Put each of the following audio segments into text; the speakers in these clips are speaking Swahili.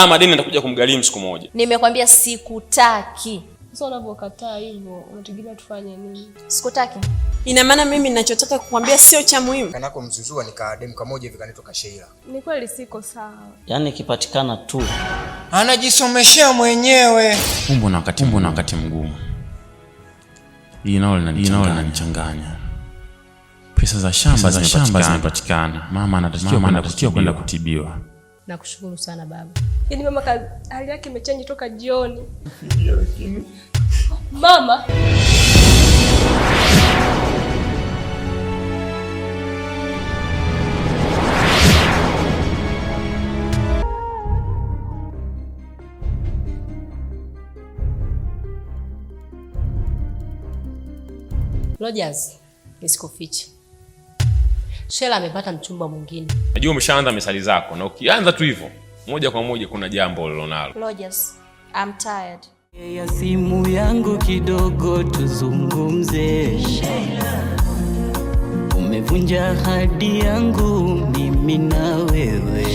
Haya madeni nitakuja kumgharimu siku moja. Nimekwambia sikutaki. Sasa unavyokataa hivyo, unategemea tufanye nini? Sikutaki. Ina maana mimi ninachotaka kukwambia sio cha muhimu. Kanako mzuzua nikaademu kamoja hivi kanitoka Sheila. Ni kweli siko sawa. Yaani kipatikana tu. Anajisomeshea mwenyewe. Umbo na wakati umbo na wakati mgumu. Hii nao linanichanganya. Pesa za shamba za shamba zimepatikana. Mama anatakiwa kwenda kutibiwa. Nakushukuru sana baba. Yaani mama hali yake imechange toka jioni. Mama Rogers, nisikufiche Shela amepata mchumba mwingine. Najua umeshaanza mesali zako, na ukianza tu hivyo moja kwa moja kuna jambo ulilonalo. Rogers, I'm tired. Ya simu yangu kidogo tuzungumze. Umevunja ahadi yangu mimi na wewe.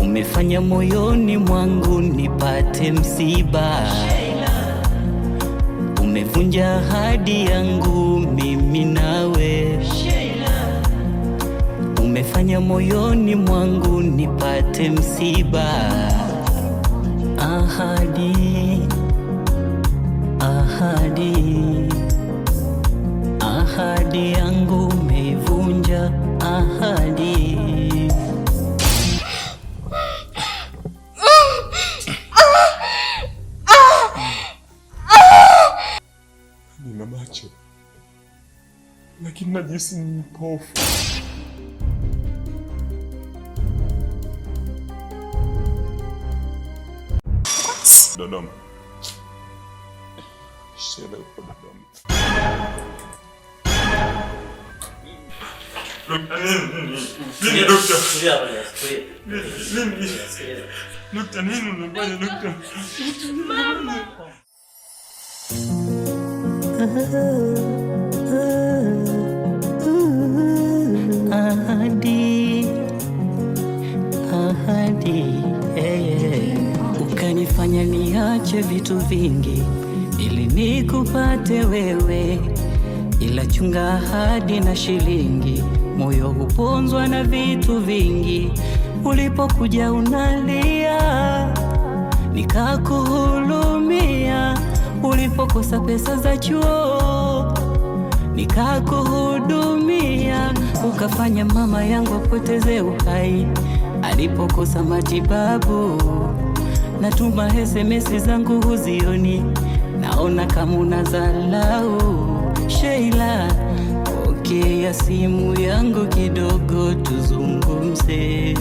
Umefanya moyoni mwangu nipate msiba. Umevunja ahadi yangu umefanya moyoni mwangu nipate msiba. Ahadi, ahadi, ahadi yangu umeivunja, ahadi nina macho lakini najisi ni mpofu. Dodoma. Shida uko Dodoma. Ahadi. Ahadi ilinifanya niache vitu vingi ili nikupate wewe, ila chunga ahadi na shilingi, moyo huponzwa na vitu vingi. Ulipokuja unalia, nikakuhulumia. Ulipokosa pesa za chuo, nikakuhudumia. Ukafanya mama yangu apoteze uhai alipokosa matibabu natuma SMS zangu huzioni, naona kama unazalau. Sheila, pokea simu yangu kidogo tuzungumze.